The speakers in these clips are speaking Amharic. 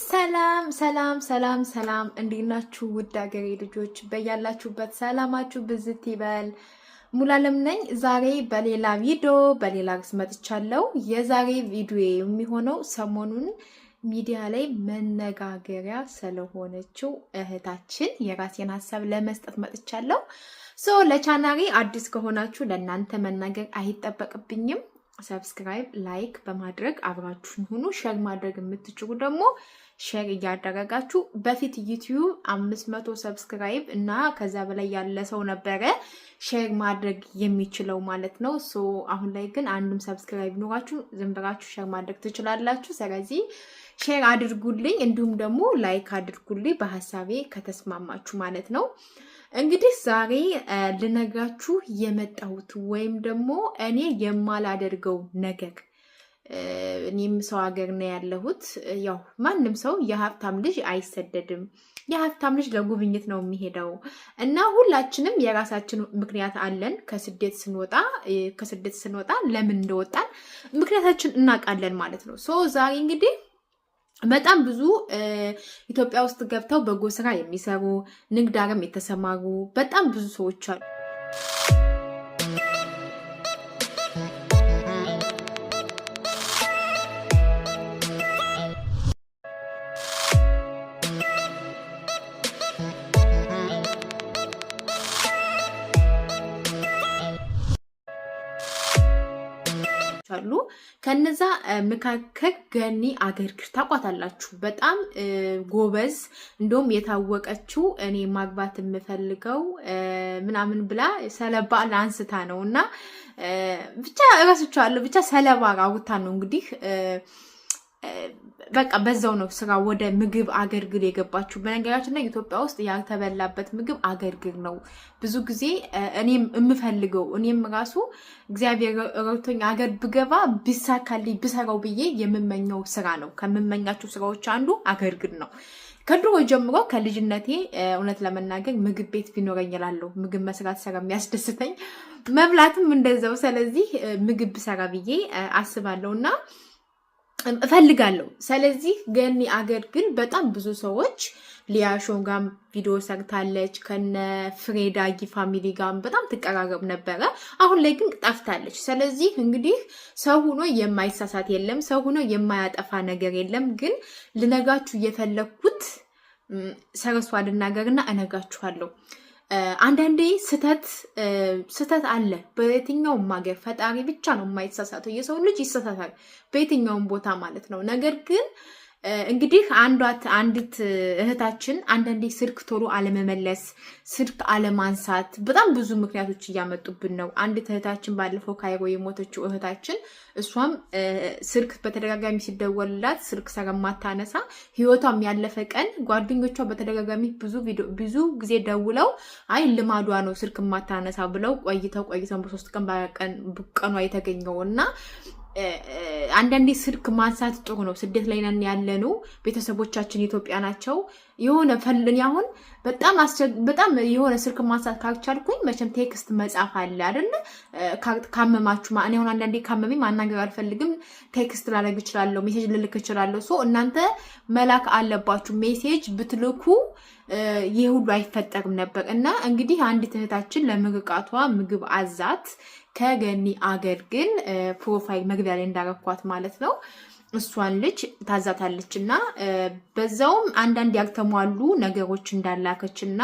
ሰላም ሰላም ሰላም ሰላም፣ እንዴት ናችሁ ውድ ሀገሬ ልጆች? በያላችሁበት ሰላማችሁ ብዝት ይበል። ሙላለም ነኝ። ዛሬ በሌላ ቪዲዮ በሌላ ርዕስ መጥቻለሁ። የዛሬ ቪዲዮ የሚሆነው ሰሞኑን ሚዲያ ላይ መነጋገሪያ ስለሆነችው እህታችን የራሴን ሀሳብ ለመስጠት መጥቻለሁ። ሶ ለቻናሪ አዲስ ከሆናችሁ ለእናንተ መናገር አይጠበቅብኝም ሰብስክራይብ፣ ላይክ በማድረግ አብራችሁን ሁኑ። ሼር ማድረግ የምትችሉ ደግሞ ሼር እያደረጋችሁ በፊት ዩቲዩብ አምስት መቶ ሰብስክራይብ እና ከዛ በላይ ያለ ሰው ነበረ ሼር ማድረግ የሚችለው ማለት ነው። ሶ አሁን ላይ ግን አንድም ሰብስክራይብ ኖራችሁ ዝም ብላችሁ ሼር ማድረግ ትችላላችሁ። ስለዚህ ሼር አድርጉልኝ፣ እንዲሁም ደግሞ ላይክ አድርጉልኝ በሀሳቤ ከተስማማችሁ ማለት ነው። እንግዲህ ዛሬ ልነግራችሁ የመጣሁት ወይም ደግሞ እኔ የማላደርገው ነገር እኔም ሰው ሀገር ነው ያለሁት። ያው ማንም ሰው የሀብታም ልጅ አይሰደድም። የሀብታም ልጅ ለጉብኝት ነው የሚሄደው እና ሁላችንም የራሳችን ምክንያት አለን። ከስደት ስንወጣ ከስደት ስንወጣ ለምን እንደወጣን ምክንያታችን እናውቃለን ማለት ነው። ሶ ዛሬ እንግዲህ በጣም ብዙ ኢትዮጵያ ውስጥ ገብተው በጎ ስራ የሚሰሩ ንግድ አረም የተሰማሩ በጣም ብዙ ሰዎች አሉ። አሉ። ከነዛ መካከል ገኒ አገርግር ታቋታላችሁ። በጣም ጎበዝ እንደውም የታወቀችው እኔ ማግባት የምፈልገው ምናምን ብላ ሰለባ አንስታ ነው እና ብቻ እረስቸዋለሁ ብቻ ሰለባ አውታ ነው እንግዲህ በቃ በዛው ነው ስራ ወደ ምግብ አገልግል የገባችሁ በነገራችን ላይ ኢትዮጵያ ውስጥ ያልተበላበት ምግብ አገልግል ነው። ብዙ ጊዜ እኔም የምፈልገው እኔም ራሱ እግዚአብሔር ረድቶኝ አገር ብገባ ቢሳካልኝ ብሰራው ብዬ የምመኘው ስራ ነው። ከምመኛቸው ስራዎች አንዱ አገልግል ነው። ከድሮ ጀምሮ ከልጅነቴ እውነት ለመናገር ምግብ ቤት ቢኖረኝ እላለሁ። ምግብ መስራት ሰራ የሚያስደስተኝ መብላትም እንደዛው። ስለዚህ ምግብ ብሰራ ብዬ አስባለሁ እና እፈልጋለሁ። ስለዚህ ገኒ አገር ግን በጣም ብዙ ሰዎች ሊያሾ ጋም ቪዲዮ ሰርታለች፣ ከነ ፍሬዳጊ ፋሚሊ ጋም በጣም ትቀራረብ ነበረ። አሁን ላይ ግን ጠፍታለች። ስለዚህ እንግዲህ ሰው ሆኖ የማይሳሳት የለም፣ ሰው ሆኖ የማያጠፋ ነገር የለም። ግን ልነጋችሁ እየፈለግኩት ሰረሷ ልናገርና እነጋችኋለሁ አንዳንዴ ስተት ስህተት አለ። በየትኛውም ሀገር ፈጣሪ ብቻ ነው የማይሳሳተው። የሰው ልጅ ይሳሳታል በየትኛውም ቦታ ማለት ነው። ነገር ግን እንግዲህ አንዷት አንዲት እህታችን አንዳንዴ ስልክ ቶሎ አለመመለስ፣ ስልክ አለማንሳት በጣም ብዙ ምክንያቶች እያመጡብን ነው። አንዲት እህታችን ባለፈው ካይሮ የሞተችው እህታችን እሷም ስልክ በተደጋጋሚ ሲደወልላት ስልክ ስለማታነሳ ህይወቷም ያለፈ ቀን ጓደኞቿ በተደጋጋሚ ብዙ ጊዜ ደውለው አይ ልማዷ ነው ስልክ የማታነሳ ብለው ቆይተው ቆይተው በሶስት ቀን ቀኗ የተገኘው እና አንዳንዴ ስልክ ማንሳት ጥሩ ነው። ስደት ላይ ነን ያለ ነው። ቤተሰቦቻችን ኢትዮጵያ ናቸው። የሆነ ፈልን አሁን በጣም በጣም የሆነ ስልክ ማንሳት ካልቻልኩኝ መቼም ቴክስት መጻፍ አለ አይደለ? ካመማችሁ እኔ አሁን አንዳንዴ ካመመኝ ማናገር አልፈልግም፣ ቴክስት ላደርግ እችላለሁ፣ ሜሴጅ ልልክ እችላለሁ። ሶ እናንተ መላክ አለባችሁ ሜሴጅ ብትልኩ ይህ ሁሉ አይፈጠርም ነበር። እና እንግዲህ አንዲት እህታችን ለምግቃቷ ምግብ አዛት ከገኒ አገር ግን ፕሮፋይል መግቢያ ላይ እንዳረኳት ማለት ነው እሷን ልጅ ታዛታለች እና በዛውም አንዳንድ ያልተሟሉ ነገሮች እንዳላከች እና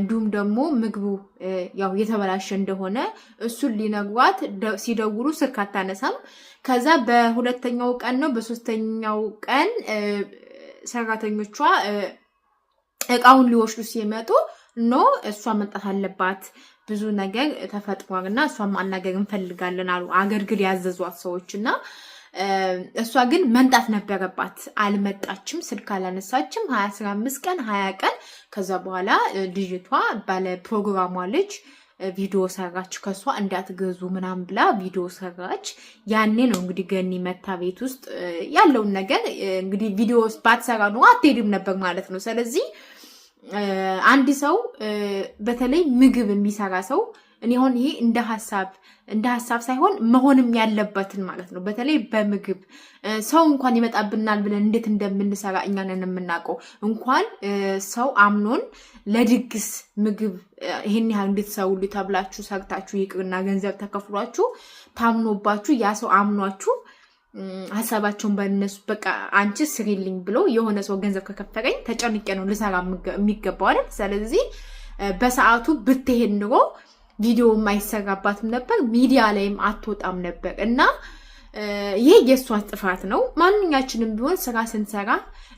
እንዲሁም ደግሞ ምግቡ ያው የተበላሸ እንደሆነ እሱን ሊነግሯት ሲደውሉ ስልክ አታነሳም። ከዛ በሁለተኛው ቀን ነው በሶስተኛው ቀን ሰራተኞቿ እቃውን ሊወስዱ ሲመጡ ኖ እሷ መምጣት አለባት ብዙ ነገር ተፈጥሯል እና እሷን ማናገር እንፈልጋለን አሉ። አገልግል ያዘዟት ሰዎች እና እሷ ግን መምጣት ነበረባት፣ አልመጣችም፣ ስልክ አላነሳችም። ሀያ አስራ አምስት ቀን ሀያ ቀን ከዛ በኋላ ልጅቷ ባለ ፕሮግራሟ ልጅ ቪዲዮ ሰራች። ከሷ እንዳትገዙ ምናምን ብላ ቪዲዮ ሰራች። ያኔ ነው እንግዲህ ገኒ መታ ቤት ውስጥ ያለውን ነገር እንግዲህ ቪዲዮ ባትሰራ ኑሮ አትሄድም ነበር ማለት ነው። ስለዚህ አንድ ሰው በተለይ ምግብ የሚሰራ ሰው እኔ አሁን ይሄ እንደ ሀሳብ እንደ ሀሳብ ሳይሆን መሆንም ያለበትን ማለት ነው። በተለይ በምግብ ሰው እንኳን ይመጣብናል ብለን እንዴት እንደምንሰራ እኛንን የምናውቀው እንኳን ሰው አምኖን ለድግስ ምግብ ይሄን ያህል እንዴት ተብላችሁ ሰርታችሁ ይቅርና ገንዘብ ተከፍሏችሁ ታምኖባችሁ ያ ሰው አምኗችሁ ሀሳባቸውን በነሱ በቃ አንቺ ስሪልኝ ብሎ የሆነ ሰው ገንዘብ ከከፈለኝ ተጨንቄ ነው ልሰራ የሚገባው አይደል? ስለዚህ በሰዓቱ ብትሄድ ኑሮ ቪዲዮ አይሰራባትም ነበር፣ ሚዲያ ላይም አትወጣም ነበር እና ይሄ የእሷ ጥፋት ነው። ማንኛችንም ቢሆን ስራ ስንሰራ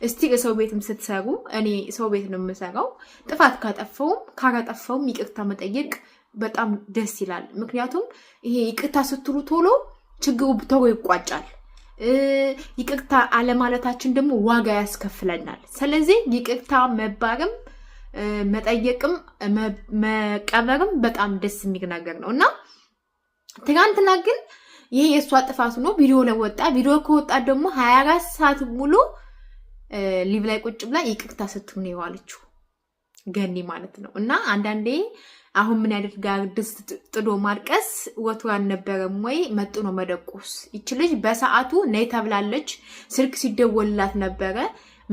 እስቲ ሰው ቤትም ስትሰሩ፣ እኔ ሰው ቤት ነው የምሰራው። ጥፋት ካጠፈውም ካረጠፈውም ይቅርታ መጠየቅ በጣም ደስ ይላል። ምክንያቱም ይሄ ይቅርታ ስትሉ ቶሎ ችግሩ ቶሎ ይቋጫል። ይቅርታ አለማለታችን ደግሞ ዋጋ ያስከፍለናል። ስለዚህ ይቅርታ መባርም መጠየቅም መቀበርም በጣም ደስ የሚል ነገር ነው እና ትናንትና ግን ይሄ የእሷ ጥፋት ነው። ቪዲዮ ላይ ወጣ። ቪዲዮ ከወጣ ደግሞ ሀያ አራት ሰዓት ሙሉ ሊቭ ላይ ቁጭ ብላ ይቅርታ ስትሆን የዋለችው ገኒ ማለት ነው እና አንዳንዴ አሁን ምን ያደርጋል? ድስት ጥዶ ማልቀስ ወቱ አልነበረም ወይ? መጥኖ መደቆስ። ይች ልጅ በሰዓቱ ነይ ተብላለች። ስልክ ሲደወልላት ነበረ።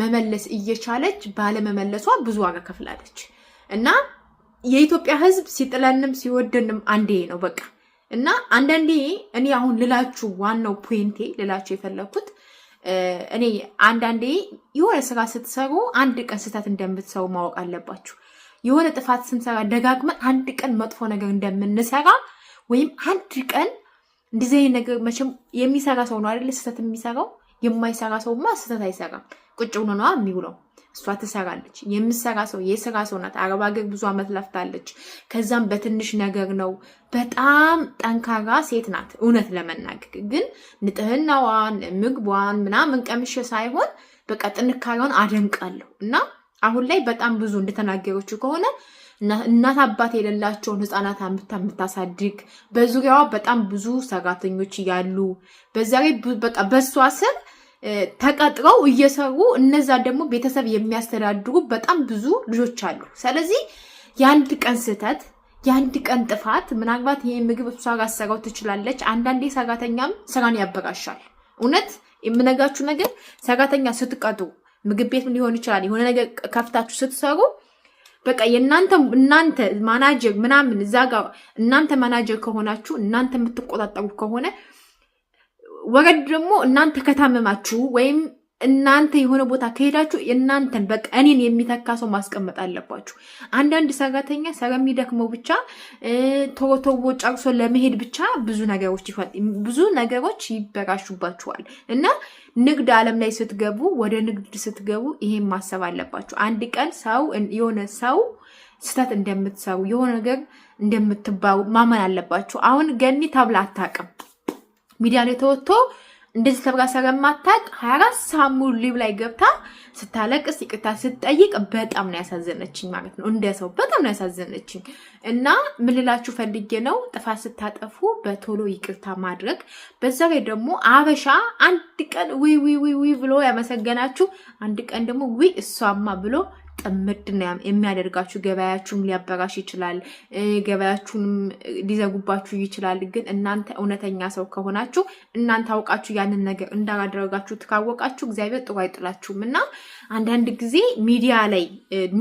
መመለስ እየቻለች ባለመመለሷ ብዙ ዋጋ ከፍላለች እና የኢትዮጵያ ሕዝብ ሲጥለንም ሲወደንም አንዴ ነው በቃ። እና አንዳንዴ እኔ አሁን ልላችሁ ዋናው ፖይንቴ ልላችሁ የፈለግኩት እኔ አንዳንዴ የሆነ ስራ ስትሰሩ አንድ ቀን ስህተት እንደምትሰሩ ማወቅ አለባችሁ። የሆነ ጥፋት ስንሰራ ደጋግመን አንድ ቀን መጥፎ ነገር እንደምንሰራ ወይም አንድ ቀን እንደዚህ ነገር መቼም የሚሰራ ሰው ነው አይደለ ስህተት የሚሰራው። የማይሰራ ሰውማ ስህተት አይሰራም። ቁጭ ብሎ ነዋ የሚውለው። እሷ ትሰራለች። የምሰራ ሰው የስራ ሰው ናት። አረብ ሀገር ብዙ አመት ለፍታለች። ከዛም በትንሽ ነገር ነው። በጣም ጠንካራ ሴት ናት። እውነት ለመናገር ግን ንጥህናዋን፣ ምግቧን ምናምን ቀምሼ ሳይሆን በቃ ጥንካሬዋን አደንቃለሁ። እና አሁን ላይ በጣም ብዙ እንደተናገረችው ከሆነ እናት አባት የሌላቸውን ህፃናት አምታ የምታሳድግ በዙሪያዋ በጣም ብዙ ሰራተኞች ያሉ በዛ በቃ በሷ ስር ተቀጥረው እየሰሩ እነዛ ደግሞ ቤተሰብ የሚያስተዳድሩ በጣም ብዙ ልጆች አሉ። ስለዚህ የአንድ ቀን ስህተት የአንድ ቀን ጥፋት ምናልባት ይህ ምግብ እሷ ላሰራው ትችላለች። አንዳንዴ ሰራተኛም ስራን ያበራሻል። እውነት የምነግራችሁ ነገር ሰራተኛ ስትቀጥሩ ምግብ ቤት ሊሆን ይችላል የሆነ ነገር ከፍታችሁ ስትሰሩ በቃ የእናንተ እናንተ ማናጀር ምናምን እዛ ጋር እናንተ ማናጀር ከሆናችሁ እናንተ የምትቆጣጠሩ ከሆነ ወረድ ደግሞ እናንተ ከታመማችሁ ወይም እናንተ የሆነ ቦታ ከሄዳችሁ እናንተን በቃ እኔን የሚተካ ሰው ማስቀመጥ አለባችሁ። አንዳንድ ሰራተኛ ስለሚደክመው ብቻ ቶቶቦ ጨርሶ ለመሄድ ብቻ ብዙ ነገሮች ብዙ ነገሮች ይበራሹባችኋል እና ንግድ ዓለም ላይ ስትገቡ ወደ ንግድ ስትገቡ ይሄን ማሰብ አለባችሁ። አንድ ቀን ሰው የሆነ ሰው ስህተት እንደምትሰሩ የሆነ ነገር እንደምትባሩ ማመን አለባችሁ። አሁን ገኒ ተብላ አታውቅም። ሚዲያ ላይ ተወጥቶ እንደዚህ ተብጋ ስለማታውቅ ሀያ አራት ሰዓት ሊብ ላይ ገብታ ስታለቅስ ይቅርታ ስትጠይቅ በጣም ነው ያሳዘነችኝ ማለት ነው። እንደ ሰው በጣም ነው ያሳዘነችኝ። እና ምን ፈልጌ ነው ጥፋት ስታጠፉ በቶሎ ይቅርታ ማድረግ። በዛ ላይ ደግሞ አበሻ አንድ ቀን ዊ ዊ ዊ ብሎ ያመሰገናችሁ፣ አንድ ቀን ደግሞ ዊ እሷማ ብሎ ጥምድ የሚያደርጋችሁ ገበያችሁም ሊያበራሽ ይችላል። ገበያችሁንም ሊዘጉባችሁ ይችላል። ግን እናንተ እውነተኛ ሰው ከሆናችሁ እናንተ አውቃችሁ ያንን ነገር እንዳላደረጋችሁ ትካወቃችሁ እግዚአብሔር ጥሩ አይጥላችሁም። እና አንዳንድ ጊዜ ሚዲያ ላይ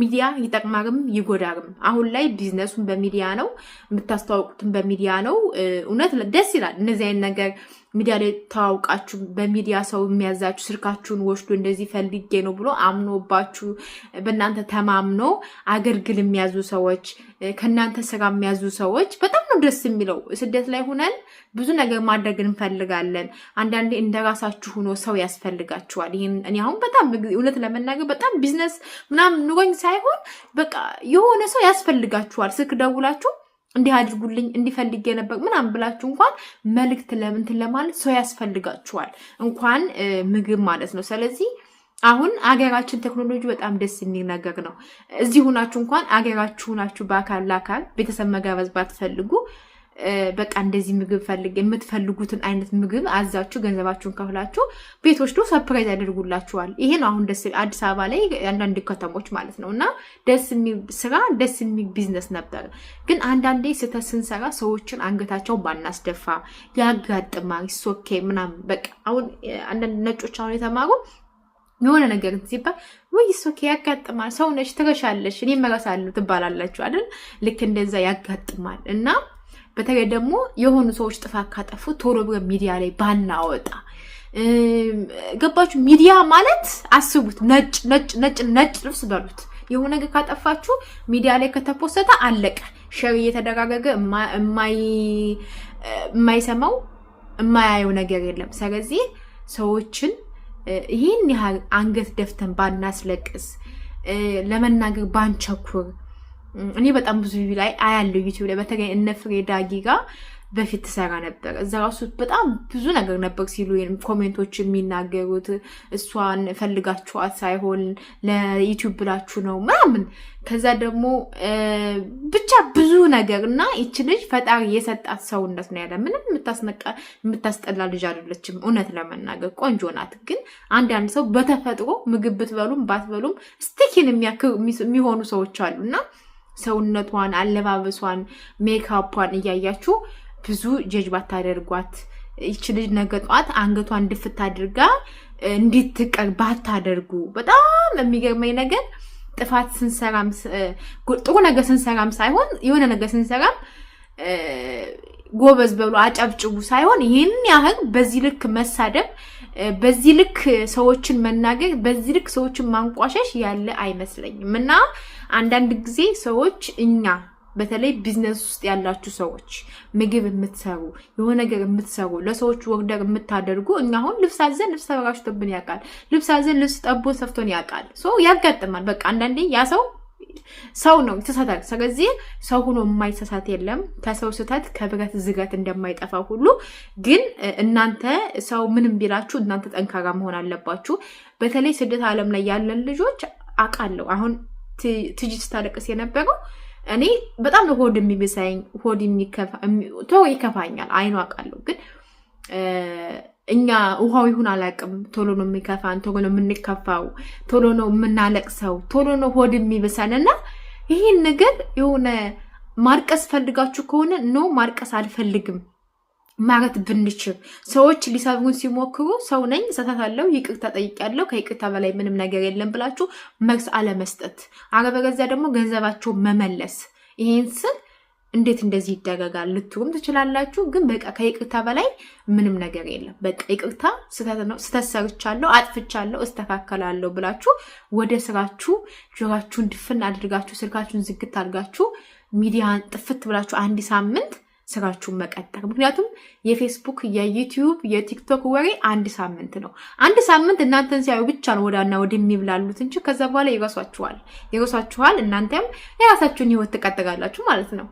ሚዲያ ይጠቅማርም ይጎዳርም አሁን ላይ ቢዝነሱን በሚዲያ ነው የምታስተዋውቁትን በሚዲያ ነው። እውነት ደስ ይላል እነዚህ አይነት ነገር ሚዲያ ላይ ተዋውቃችሁ በሚዲያ ሰው የሚያዛችሁ ስልካችሁን ወስዶ እንደዚህ ፈልጌ ነው ብሎ አምኖባችሁ በእናንተ ተማምኖ አገልግል የሚያዙ ሰዎች ከእናንተ ስጋ የሚያዙ ሰዎች በጣም ነው ደስ የሚለው። ስደት ላይ ሁነን ብዙ ነገር ማድረግ እንፈልጋለን። አንዳንዴ እንደ ራሳችሁ ሆኖ ሰው ያስፈልጋችኋል። ይህን እኔ አሁን በጣም እውነት ለመናገር በጣም ቢዝነስ ምናምን ኑሮኝ ሳይሆን በቃ የሆነ ሰው ያስፈልጋችኋል። ስልክ ደውላችሁ እንዲህ አድርጉልኝ እንዲፈልግ የነበር ምናምን ብላችሁ እንኳን መልእክት ለምንትን ለማለት ሰው ያስፈልጋችኋል፣ እንኳን ምግብ ማለት ነው። ስለዚህ አሁን አገራችን ቴክኖሎጂ በጣም ደስ የሚል ነገር ነው። እዚህ ሁናችሁ እንኳን አገራችሁ ሁናችሁ በአካል ለአካል ቤተሰብ መጋበዝ ባትፈልጉ በቃ እንደዚህ ምግብ ፈልግ የምትፈልጉትን አይነት ምግብ አዛችሁ ገንዘባችሁን ከፍላችሁ ቤት ወስዶ ሰፕራይዝ ያደርጉላችኋል። ይሄ ነው አሁን ደስ አዲስ አበባ ላይ አንዳንድ ከተሞች ማለት ነው። እና ደስ የሚል ስራ ደስ የሚል ቢዝነስ ነበር። ግን አንዳንዴ ስህተት ስንሰራ ሰዎችን አንገታቸውን ባናስደፋ ያጋጥማል። ሶኬ ምናምን በቃ አሁን አንዳንድ ነጮች አሁን የተማሩ የሆነ ነገር ሲባል ወይ ሶኬ ያጋጥማል፣ ሰውነች ትረሻለች፣ እኔ መረሳለሁ ትባላላችሁ አይደል? ልክ እንደዛ ያጋጥማል እና በተለይ ደግሞ የሆኑ ሰዎች ጥፋት ካጠፉ ቶሎ ብለን ሚዲያ ላይ ባናወጣ። ገባችሁ? ሚዲያ ማለት አስቡት፣ ነጭ ነጭ ነጭ ነጭ ልብስ በሉት። የሆነ ነገር ካጠፋችሁ ሚዲያ ላይ ከተፖሰተ አለቀ። ሸር እየተደጋገገ የማይሰማው የማያየው ነገር የለም። ስለዚህ ሰዎችን ይህን ያህል አንገት ደፍተን ባናስለቅስ፣ ለመናገር ባንቸኩር እኔ በጣም ብዙ ላይ አያለው ዩቲብ ላይ በተለይ እነ ፍሬ ዳጊ ጋር በፊት ትሰራ ነበር። እዛ ራሱ በጣም ብዙ ነገር ነበር ሲሉ ኮሜንቶች የሚናገሩት እሷን ፈልጋችኋት ሳይሆን ለዩቲዩብ ብላችሁ ነው ምናምን። ከዛ ደግሞ ብቻ ብዙ ነገር እና ይቺ ልጅ ፈጣሪ የሰጣት ሰውነት ነው ያለ። ምንም የምታስጠላ ልጅ አይደለችም፣ እውነት ለመናገር ቆንጆ ናት። ግን አንዳንድ ሰው በተፈጥሮ ምግብ ብትበሉም ባትበሉም ስቲኪን የሚሆኑ ሰዎች አሉ እና ሰውነቷን፣ አለባበሷን፣ ሜካፓን እያያችሁ ብዙ ጀጅ ባታደርጓት። ይች ልጅ ነገ ጠዋት አንገቷን ድፍት አድርጋ እንዲትቀር ባታደርጉ። በጣም የሚገርመኝ ነገር ጥፋት ስንሰራም ጥሩ ነገር ስንሰራም ሳይሆን የሆነ ነገር ስንሰራም ጎበዝ በሉ አጨብጭቡ ሳይሆን ይህን ያህል በዚህ ልክ መሳደብ በዚህ ልክ ሰዎችን መናገር፣ በዚህ ልክ ሰዎችን ማንቋሸሽ ያለ አይመስለኝም እና አንዳንድ ጊዜ ሰዎች እኛ በተለይ ቢዝነስ ውስጥ ያላችሁ ሰዎች ምግብ የምትሰሩ የሆነ ነገር የምትሰሩ ለሰዎች ወግደር የምታደርጉ እኛ አሁን ልብስ አዘን ልብስ ተበራሽቶብን ያውቃል። ልብስ አዘን ልብስ ጠቦን ሰፍቶን ያውቃል። ያጋጥማል። በቃ አንዳንዴ ያ ሰው ሰው ነው ይተሳታል። ስለዚህ ሰው ሆኖ የማይተሳት የለም። ከሰው ስህተት ከብረት ዝገት እንደማይጠፋ ሁሉ ግን እናንተ ሰው ምንም ቢላችሁ እናንተ ጠንካራ መሆን አለባችሁ። በተለይ ስደት ዓለም ላይ ያለን ልጆች አውቃለሁ። አሁን ትጅ ስታለቅስ የነበረው እኔ በጣም ሆድ የሚብሳኝ ሆድ ቶሎ ይከፋኛል። አይኑ አውቃለሁ ግን እኛ ውሃው ይሁን አላውቅም። ቶሎ ነው የሚከፋን፣ ቶሎ ነው የምንከፋው፣ ቶሎ ነው የምናለቅሰው፣ ቶሎ ነው ሆድ የሚብሰን እና ይህን ነገር የሆነ ማርቀስ ፈልጋችሁ ከሆነ ኖ ማርቀስ አልፈልግም ማለት ብንችል ሰዎች ሊሰሩን ሲሞክሩ ሰው ነኝ እሳሳታለሁ፣ ይቅርታ ጠይቄያለሁ፣ ከይቅርታ በላይ ምንም ነገር የለም ብላችሁ መልስ አለመስጠት፣ አለበለዚያ ደግሞ ገንዘባቸው መመለስ ይህን ስል እንዴት እንደዚህ ይደረጋል ልትሉም ትችላላችሁ። ግን በቃ ከይቅርታ በላይ ምንም ነገር የለም። በቃ ይቅርታ ስህተት ሰርቻለሁ፣ አጥፍቻለሁ፣ እስተካከላለሁ ብላችሁ ወደ ስራችሁ ጆራችሁን ድፍን አድርጋችሁ ስልካችሁን ዝግት አድርጋችሁ ሚዲያን ጥፍት ብላችሁ አንድ ሳምንት ስራችሁን መቀጠር። ምክንያቱም የፌስቡክ የዩቲዩብ የቲክቶክ ወሬ አንድ ሳምንት ነው። አንድ ሳምንት እናንተን ሲያዩ ብቻ ነው ወዳና ወደ የሚብላሉት እንጂ ከዛ በኋላ ይረሷችኋል፣ ይረሷችኋል። እናንተም የራሳችሁን ህይወት ትቀጥራላችሁ ማለት ነው።